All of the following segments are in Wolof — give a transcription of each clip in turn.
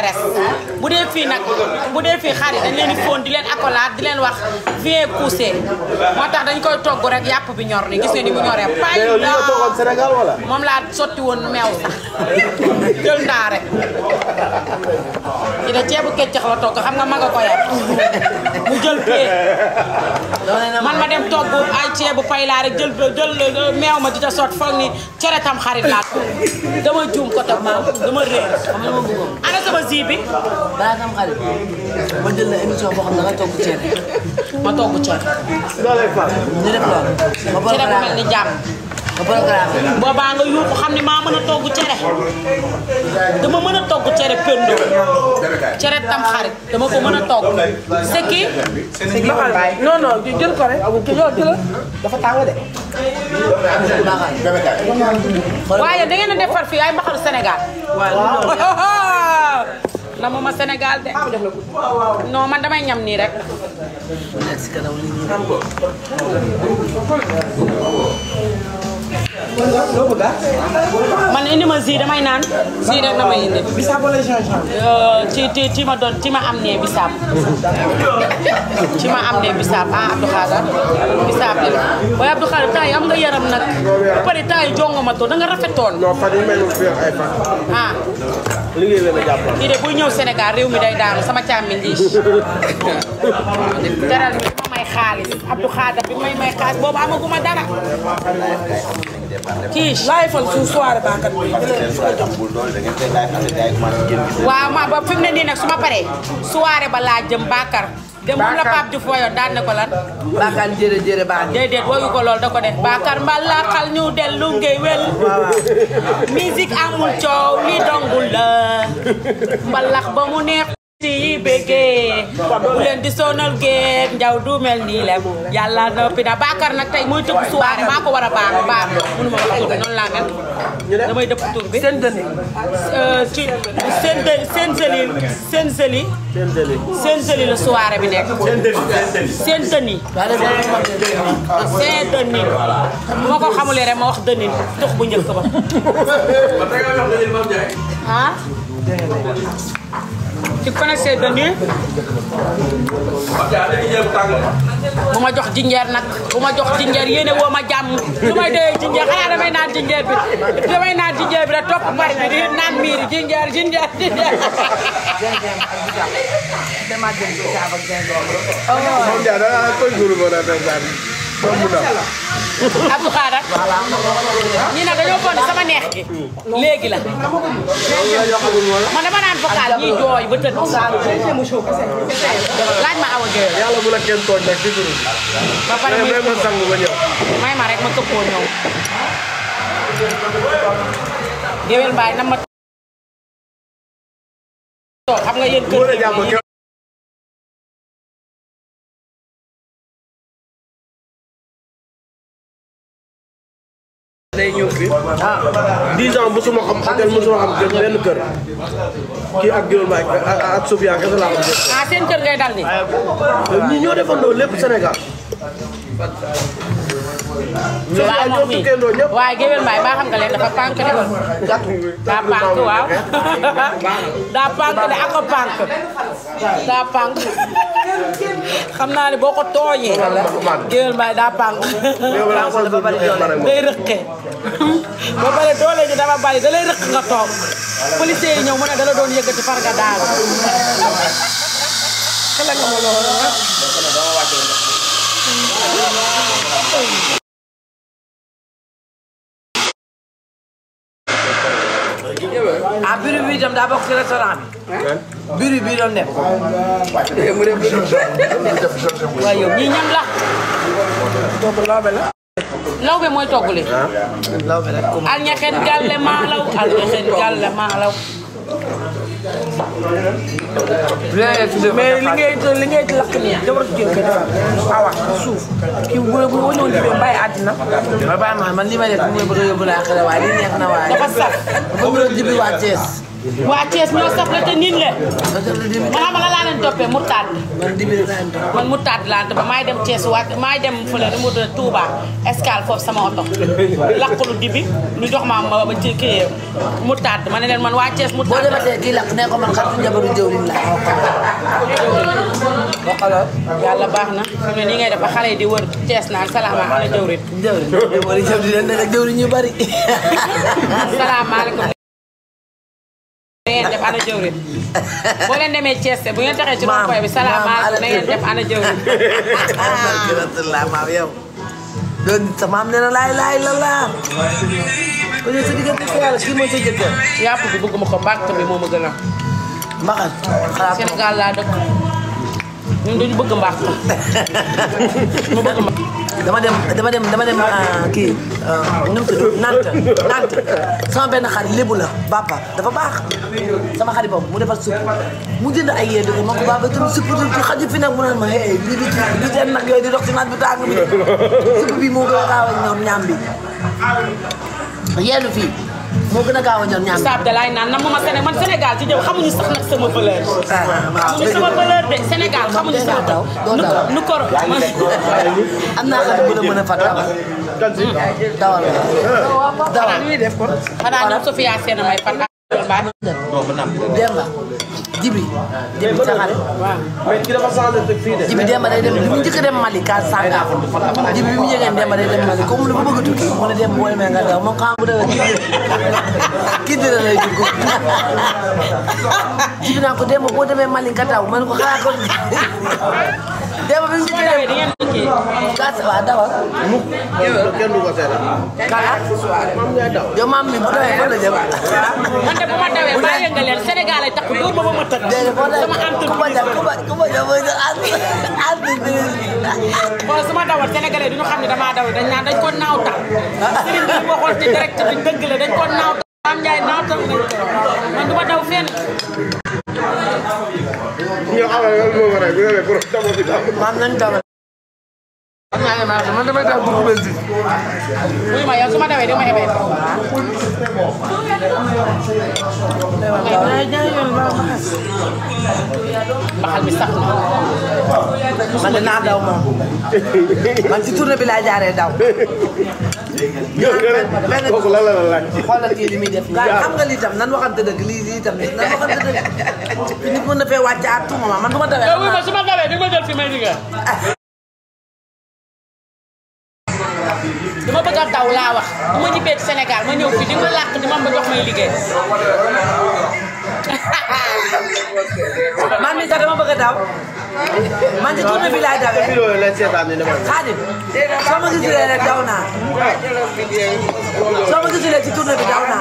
coração. bu dee fii nag bu dee fii xaar yi leen di di leen accolade di leen wax viens pousser moo tax dañ koy togg rek yàpp bi ñor ni gis nga ni mu ñoree pay moom laa sotti woon meew sax jël ndaa rek ceebu keccax la togg xam nga ma nga ko yar jël pee man ma dem togg ay ceebu pay laa rek jël jël meew ma di ta sotti foog ni cere tam xarit laa dama juum ko tam dama réer xam sama zi bi balaa nga am ma jël la boo xam ne da nga togg ceeb ma togg ceeb. ma cere bu mel ni ma borom garaaf. boobaa nga yuuxu xam ne maa mën a togg cere. mën a togg cere pendo. cere tam xarit dama ko mën a togg. seki. seki non non jël ko rek. yow jël dafa tàng waaye da ngeen a defar fii ay mbaxalu Sénégal. namuma senegal de. non damay ñam nii rek. man indi ma zi damay naan. zi rek damay indi. bisaab wala gingembre. Euh, ci ci ci ma doon ci ma am nee bisaab. ci ma am nee bisaab ah Abdou Khadar bisaab la waaye Abdou Khadar temps may ah. ñëw Sénégal réew mi day sama càmmiñ may xaalis Abdou Khadar bi may may dara. quiche laay fal suuf soirée bànkat bi waaw ma ba fi ne nii nag su ma paree soirée ba laa jëm Bakar de la Pape Diouf wayoon daan ko lan Bakar jërë jërë baa déedéet wayu ko lool da ko def Bakar mbal ñu dellu ngay wel musique amul coow li dongul la mbalax ba mu neex yi béggee bu leen di sonal géej njaw du mel nii la yàlla noppi na Bakar nag tey mooy tëgg soirée maa ko war a baax baax mënu ma ko tur bi noonu laa mel damay dëpp tur bi seen dëni euh, seen dëni seen seli seen bi nekk seen dëni seen ko xamulee rek ma wax dëni tux bu njëkk ba ah di connaissez ma jox jinjeer nag bu ma jox jinjeer yéene woo ma jàmm su may dee jinjeer xanaa damay naan jinjeer bi damay naan jinjeer bi da topp bari naan miiri jinjeer jinjeer jinjeer romb na Abdou Khadar ñi ne sama neex gi léegi la man dama naan vocal ñiy jooy ba tëdd laaj ma awa géej yàlla bu la kenn tooñ nag ci turu ba pare may ma sang ma rek ma ñëw géwél mbaay na ma toog bi 10 ans mosuma xam hôtel mosuma xam kër benn kër kii ak Gueule Mbaye ak Sofia kese laa xam. ah seen kër ngay dal ni. ñi ñoo defandoo lépp Sénégal. waaw moom mii waaye géwél mbaay ba xam nga leen dafa daa pànk daa pànk a pànk daa pànk xam naa ne boo ko tooñee géwél mbaay daa pànk dafa bari doole day ba pare doole ji dafa bari da lay rëq nga toog policier yi ñëw mu dala doon yëkkati far nga daal xelal nga ma loolu ah. biri bi dem daa bokk ci restaurant bi. biri bi doon eh, waaye yow ñii ñam la. togg lawbe mooy togg li. lawbe la. al ñaxeen gàlle maalaw al ñaxeen gàlle maalaw. mais li ngay li ngay lakk nii jabaru jël ko awa suuf kii bu bu ma bàyyi ma man li may def mooy bëgg a yóbbu laa xale waaye li neex na a jibi leen toppee murtaat man dibir man murtaat laa topp dem Thiès waat maay dem Touba escale sama oto lakk dibi lu jox ma ma ba ci kii murtaat ma ne leen man waa Thiès murtaat boo dematee kii lakk nee ko man xaritu njabaru jëwlin la waxaloo yàlla baax na fi ne nii ngay def ba xale yi di wër Thiès naan salaama ana ñu bari ana jëwrin boo leen demee Thiès bu ngeen taxee ci rond-point bi salaamaaleykum na ngeen def ana jëwrin alhamdulilah maam yow doon sa maam nee na laay laay la laa ko ñu sa diggante ko yàlla kii mooy sa jëkkër yàpp bi bëgguma ko mbàkk bi moo ma gën a mbaxal Sénégal laa dëkk ñun dañu bëgg mbaax ñu bëgg dama dem dama dem dama dem euh, kii euh, nu mu tudd Nantes Nantes sama benn xar lébu la Bappa dafa baax sama xarit boobu mu defal supp mu jënd ay yéen dugub ma ko baax ba itam supp bi xaju fi nag mu ne ma eh bii bii bii seen nag yooyu di dox bi tàng bi bi moo gën a gaaw a ñor ñaam bi yeenu moo gën a gaaw a ñor ñaar saab da laay naan na ma Sénégal man Sénégal ci jëm xamuñu sax nag sama valeur ah, ah, ah, xamuñu sama valeur de Sénégal xamuñu sax nu ko am naa xam bu la mën a fa dawal dawal dawal xanaa ñoom Sofia Sène may fat Demba Jibi Jibi Jaxate Jibi Demba day dem bi mu njëkk a dem Mali ka sanga Jibi bi mu njëkkee Demba day dem Mali comme lu mu bëgg a tukki mu ne dem boo demee nga daw moom xam bu demee kii dina lay dugg Jibi naa ko Demba boo demee Mali nga daw man ko xalaat ko démb bi mu ngi gas waaw dawal. mu kenn du ko seetal. kala yow maam mi bu dawee ba la jëm. man de bu ma dawee maa yëngal leen Sénégal ay tax dóor ma ba ma tëdd. sama entreprise ku ma ku ma entreprise. su ma dawal sénégalais du ñu xam ne damaa dawal dañ naan dañ ko naaw tax. Ah. sëriñ bi boo xool ci direct bi dëgg la dañ ko naaw Mame Ndiaye naatam ma daw fenn. ñu xamal loolu moo waral ñu ne la borom dama am naa émergé man damay def groupe Belgique. wuyu ma yow su ma dawee dama émergé. baxal bi sax na. man dinaa daw moom. man ci tournée bi laa jaaree daw. benn kooku lan la la laaj. xoolal kii li muy def. xam nga lii tam nan waxante dëgg lii lii tam nan waxante dëgg. nit mën na fee wàcc à tout moment man du ma dawee. wuyu ma su ma dawee di nga jël fi may liggéey. nga daw laa wax bu ma ñibbee ci Sénégal ma ñëw fii di nga làq ni man ba wax may liggéey man mi sax dama bëgg daw man ci tournée bi laay dawee Xaadim soo ma gisulee rek daw naa soo ma gisulee ci tournée bi daw naa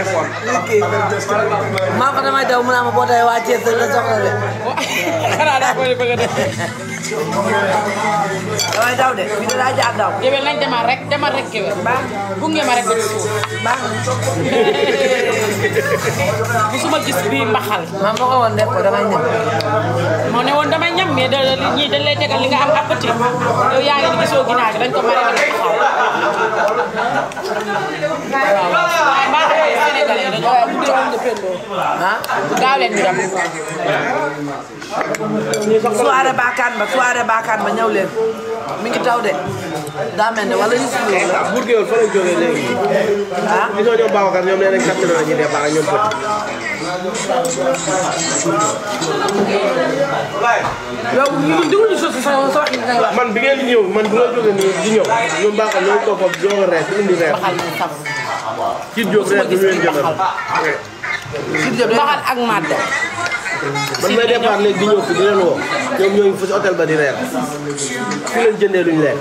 maa ko damay daw mu naa ma boo dawee waa Thiès la soxla de damay daw de bi daa jaar daw yowel nañ demal rek demal rek kewel gunge ma rek ba ci suuf bu suma gis bii mbax xal mam boko pada mainnya, ko damay ñam mo ne won damay ñam mais da ñi da lay tegal li nga am appétit kemarin. yaangi ni gisoo ginaar dañ ko mari def bakan ba bakan ba ñew leen mi ngi taw de da wala ñu burgeul fa la joge ha ñu ñom leen ñom yow ñu déglu sa sa wax yi nga wax. man bi ngeen ñëw man bu ma jógee nii di ñëw ñoom baax na ñoo toog ak jox reer indi reer. ci jóg reer bi ngeen jëndal. ci jóg reer ak màdda. man may départ léegi di ñëw fi di leen woo ñoom ñoo ngi fa hôtel ba di reer fii leen jëndee luñ leer.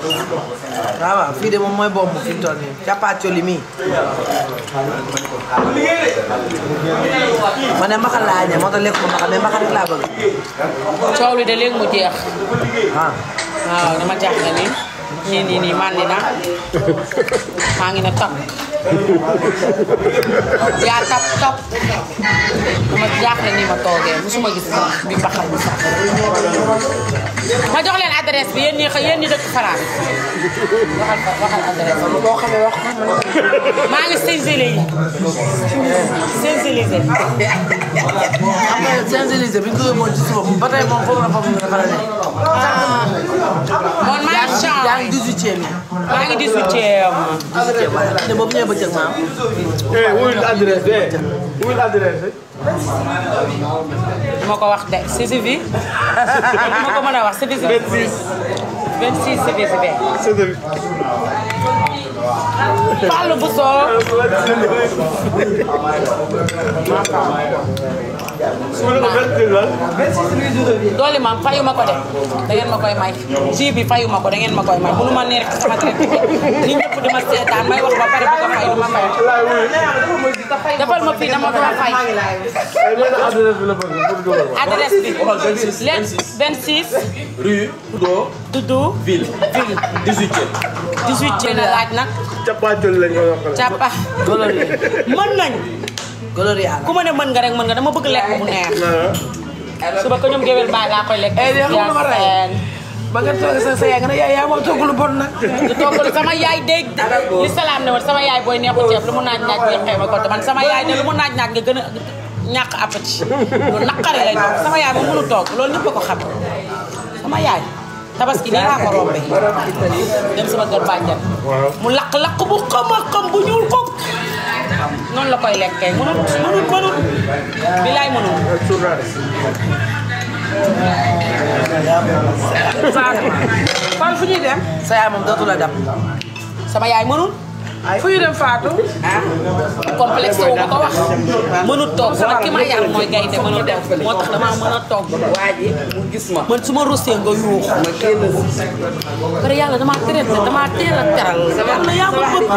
Ah waaw waaw de moom mooy bomb fi ñe lekk ko mais rek bëgg. li de mu jeex. ah waaw dama jaaxle ni nii nii nii màndi na maa ngi yaa tap tap ma jaaxle ni ma toogee musuma gis bi mbaxal bi sax ma jox leen di bi yéen ñi boo xamee wax maa ngi am na Champs-Élysées bi ñu ko yóbbuwoon ci suba ba tey moom foofu la foofu nga faral di. man maa ngi changé yaa ngi 18e maa ngi 18e. 18e waaye te boobu ñëwee bëccëg maam. eh wuyul adresse de wuyul adresse de. ma ko wax de CCV. ma ko mën a wax CCV. 26 26 CCV. Falo, professor! doole maam fayu ma ko de da ngeen ma koy may ji bi fayu ma ko da ngeen ma koy may mënu ma nekk sama traité li ñëpp di ma seetaan may wax ba pare bu ko fay du ma fay defal ma fii dama ko fay adresse bi leen 26 rue Doudou ville ville 18 18 laaj nag cappaajul lañ ko wax cappa mën nañ golori ala ku mane man gareng man nga dama bëgg lekk mu nah. suba ko gewel eh xam nga ray ba nga sa sa nga ne bon sama yai deg. li salaam ne sama yaay booy neexu ceeb lu mu naaj ko man sama yai ne lu mu naaj naaj nga gën lay sama yaay eh, moom mënu togg loolu ñëpp ko xam sama yai, tabaski nii ko rombee dem sama kër bànjan mu lakk lakk bu xam bu ko noonu la koy lekkee mënut mënut mënut bilaay mënut. Faal fu ñuy dem. sa yaay moom dootu la sama yaay mënul. fu ñu dem Fatou. complexe wu ma ko wax. mënut toog man ki ma yar mooy gaynde mën a toog moo tax damaa mën a toog. waa ji mu gis ma. man su ma rosee nga yuux. ma kenn pare yàlla damaa tëral damaa teel a teral. yàlla yaa ma bëgg.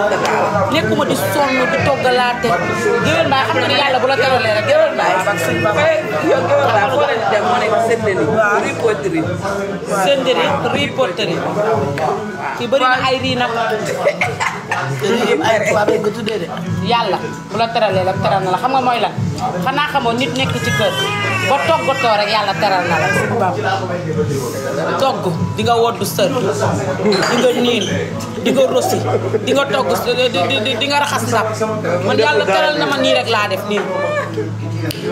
nekkuma di sonn di toggalaate. gëwël baay xam nga ni yàlla bu la teralee rek gëwël baay. yow gëwël baay foo leen dem mu nekk senderi. ripoterie. senderi ripoterie. ci bëri na ay rii nag. lii yëpp ay tubaab yàlla bu la teralee la teral na la xam nga mooy lan xanaa xamoo nit nekk ci kër ba toggatoo rek yàlla teral na la. togg di nga woddu sër di nga niin di nga rosi di nga togg di nga raxas sab man yàlla teral na ma nii rek laa def nii.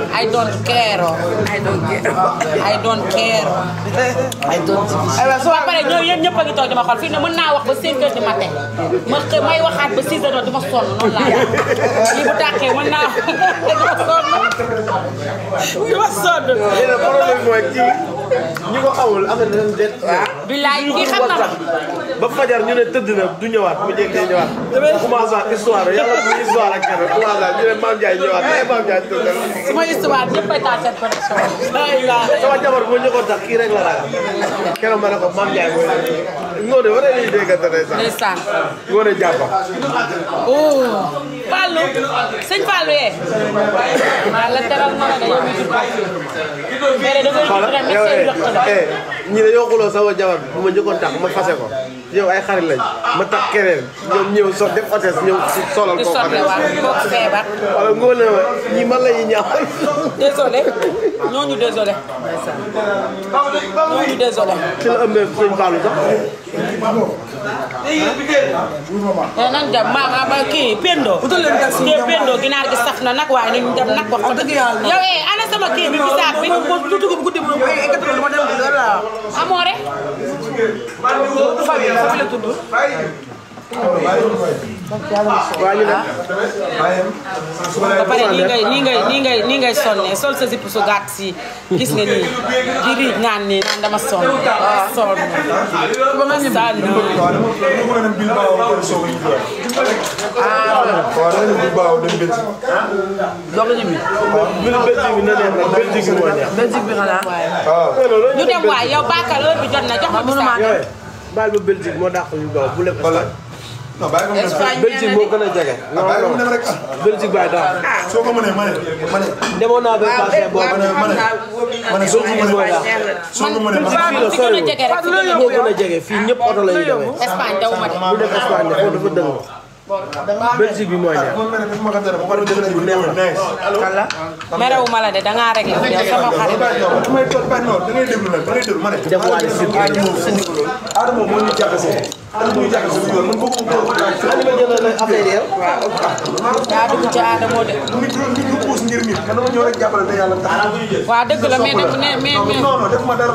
I don't care. I don't care. I don't care. I don't care. ba pare ñoom yéen ñëpp a ngi toog di ma xool fii ne mën naa wax ba 5 heures du matin ma may waxaat ba 6 heures du ma sonn noonu laa def lii bu tàkkee mën naa wax dama sonn. dama sonn. ñi ko xawul affaire dafa def. waaw bilaay kii xam na ba fajar ñu ne tëdd na du ñëwaat bu jékkee ñëwaat. commencé waat histoire yàlla bu histoire ak keneen commencé waat ñu ne Mame Ndiaye ñëwaat mais eh, Mame Ndiaye tëdd na. su ma histoire ñëppay taal ne ko Mame Ndiaye mooy Ngoné war nañu dégg ndeysaan. Fallou sëñ Fallou yee ah la teral ma la dañoo eh, ñi dañoo xuloo sama jabar bu ma njëkkoon tax ma fase ko yow ay xarit lañ ma tax keneen ñoom ñëw so def hôtesse ñëw solal koo xam ne kooku feebar wala ngoo ne ma ñi man la ñuy ñaawal désolé ñooñu désolé ñooñu désolé ci la ëmbee sëñ Fallou sax eh, nan jam maam kii Pendo te bendoo ginaar gi saf na nag waaye nañu dem nag ko fa yow eh ana sama kii bi bisaab bi amoore waaw ñu ne. ba pare nii ngay nii ngay nii ngay sol sa zip su gàtt si gis nga nii di riij naan nii naan dama sonn. waaw sonn. saa nii. ah. ñu dem waay yow Bakar heure bi jot na jox ma bisaab. baal ba Belgique moo dàq ñu gaaw bu lépp. non ah, bàyyi ko mu dem rek Belgique moo gën a jege. non non Belgique bàyyi daal. soo ko mënee ma ne ma ne. demoon naa benn passé boo ma ne ma ne ma ne soo ko mënee ma daal. soo ko mënee ma daal Belgique fii la soriwul moo gën a jege fii ñëpp oto la ñuy demee. Espagne daw ma de bu def Espagne dafa dëng. Belgique bi mooy la de da ngaa réglé ma ko. Adama jëloon na affaire yow. yaa dugg ci Adama de. ñu puus ngir nit. kan dama ñëw rek jàppale te yàlla tax. waa dëgg la mais def ne mais mais. non non def ma dara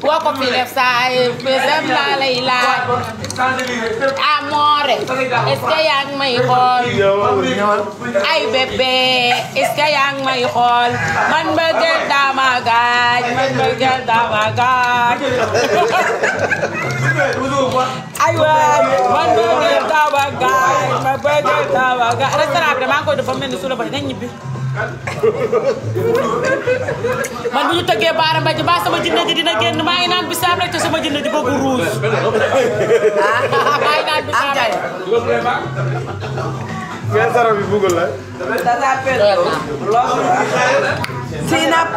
boo ko fi def saa pesem laa lay laaj amoore ah, yaa ngi may xool ay bébé est-ce yaa ngi may xool man bëggeel dama gaaj man bëggeel dama gaaj aywa man bëggeel dama gaaj man bëggeel dama gaaj restaurant bi damaa koy dafa mel ni su la bëri nga man bu ñu tëggee baara mbay ji ba sama jinne ji dina génn maa ngi naan bisaab rek te sama jinne ji bëgg ruus ah maa ngi naan bisaab rek. ngeen saro bi bugul la. fi nap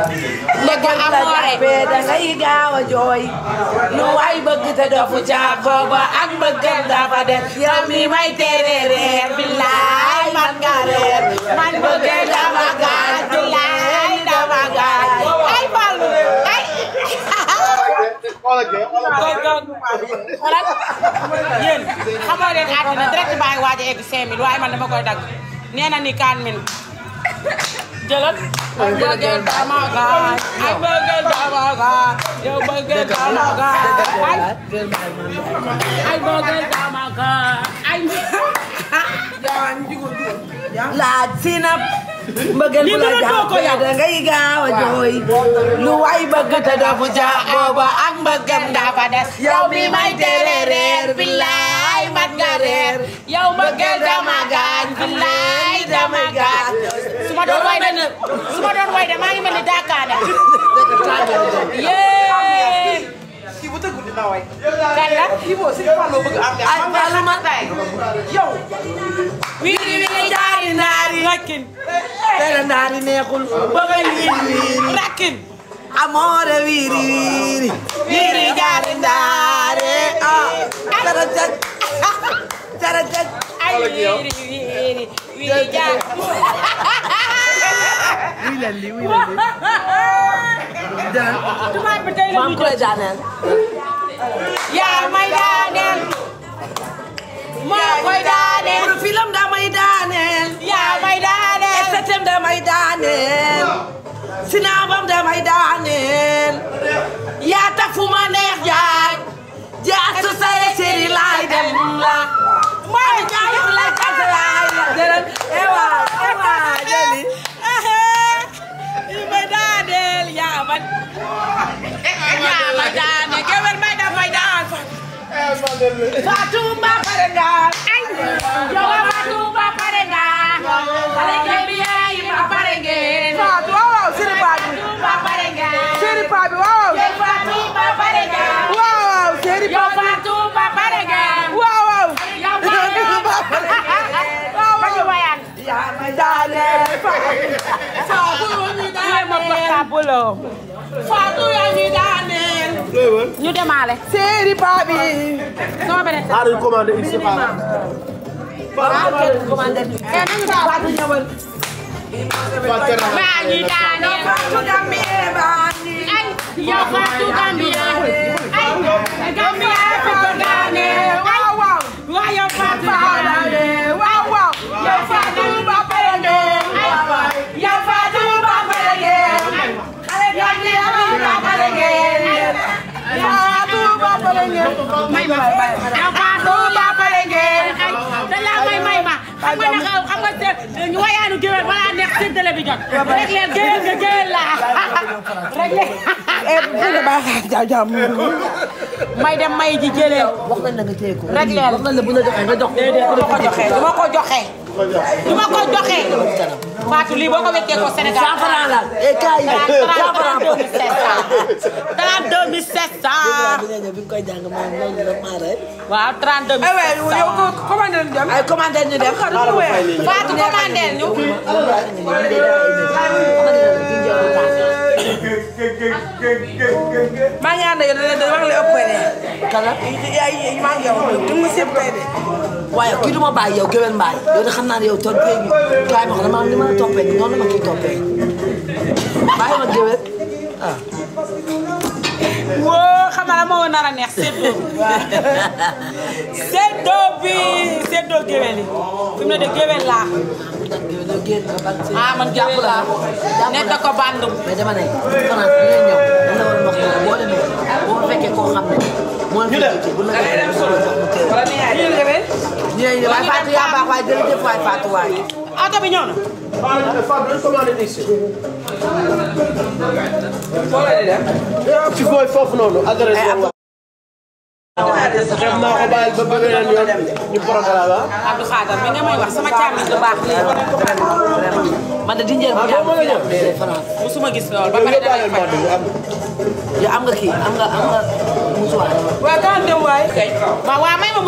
ndeke amoore da ngay gaaw a jooy lu bëgg te dofu caako ba ak bëggam dafa des yow mi may tere billaay man nga reer man bëggee dafa gaaj billaay dafa gaaj ay bal ay yéen xamoo leen àddina direct baa ngi egg 5000 waaye man dama koy dagg nee na ni 4000 jëlal ay bëggeel dama gaay ay bëggeel dama gaay yow bëggeel dama gaay ay bëggeel dama gaay ay laaj sinap mbëggeel bu la jàpp da ngay gaaw a jooy lu waay bëgg te dafu ca booba ak mbëggam dafa des yow mi may teele reer billaay mat nga reer yow mbëggeel dama gaay nag su ma doon way de maa ngi mel ni daakaane. yéen. kii bu tëggul dina way. kan la kii boo si fàlloo bëgg am ay fàllu ma tay yow. wiiri wiiri jaari naari rakkin. tere naari neexul. bëgg wiiri wiiri rakkin. amoore wiiri wiiri. wiiri jaari naari ah. tere jag tere jag. ay wiiri wiiri wiiri jaari. wuy leen lii wuy leen lii. jaajëf tubaab bi tey la ñuy koy daaneel. yaa may daaneel. moo koy daaneel. profilam daa may daaneel. yaa may daaneel. STM daa may daaneel. sinabam daa may daaneel. yaa tax fu ma neex jaay. jaay su sa séri laay dem la. man ñaama eh, eh, daane eh, géwél may da may daan Fatou Mba pare nga ay jowa Fatou Mba pare nga ale kembi yaay ma pare ngeen Fatou waaw siri paa bi Mba pare nga siri paa bi waaw Fatou Mba pare nga waaw siri paa bi Fatou Mba pare nga waaw Fatou Mba pare nga waaw Fatou Mba pare nga waaw Fatou Mba pare nga Nakakabolo. Fatu ya vidane. Ñu démalé. Séri papi. Non mais c'est. Ari commandé ici par. Fatu commandé. Eh nañu fatu ñëwal. Bani dane. Fatu Gambie bani. Ay, ya fatu Gambie. Ay, Gambie fatu dane. Wow wow. Wa ya fatu. aw kaasu Baba Linguère xëy dañ laa may may ma xam nga nag xam nga ñu wayaanu géwél balaa neex séddale bi jot rek leen géwél nga géwél laa rek leen ba jaw jaw may dem may ji jëlee wax nañ la nga téye ko rek leen wax nañ la bu la joxee nga jox déedéet du ma ko joxee du ma ko joxee du ma ko joxe Fatou lii boo ko weccee ko Sénégal. 100F la et cas yi 100F la 32 700. 32 bi nga koy jàng maa ngi lay maaree. waaw 32 700 aywa yow commandé ñu dem. ay commandé ñu dem Fatou commandé ñu. maa ngi ànd ak yow da ngay wax la ëpp kala. maa ngi yow du ma sëb de. waaye kii du ma bàyyi yow géwél mbaay yow de xam naa ne yow toog géej gi kaay ma xam dama am li ma la toppee noonu la ma kii toppee bàyyi ma géwél ah. woo xam naa moo nar a neex séddoo séddoo bi séddoo géwél yi fi mu ne de géwél laa. ah man géwél laa nekk ko bandum mais dama ne France bi ngay ñëw dina war a wax boo demee boo fekkee koo xam ne. moo la fekkee bu la Yeah, yeah, vai fato ya ba kwa dele de vai fato aí. Ah, tá minhona. Fala, Fabrício comanda disso. Fala ele, né? Ficou fofo não, agora ele xam naa ko bàyyil ba bëgg leen yoon ñu programme ah. Abdou Khadar mi nga may wax sama càmm lu baax lii. man de di njël bu ñaaw fii la musuma gis lool ba pare damay fay. yow am nga kii am nga am nga musuwaay. waaw kan dem waay. waaw waaw may ma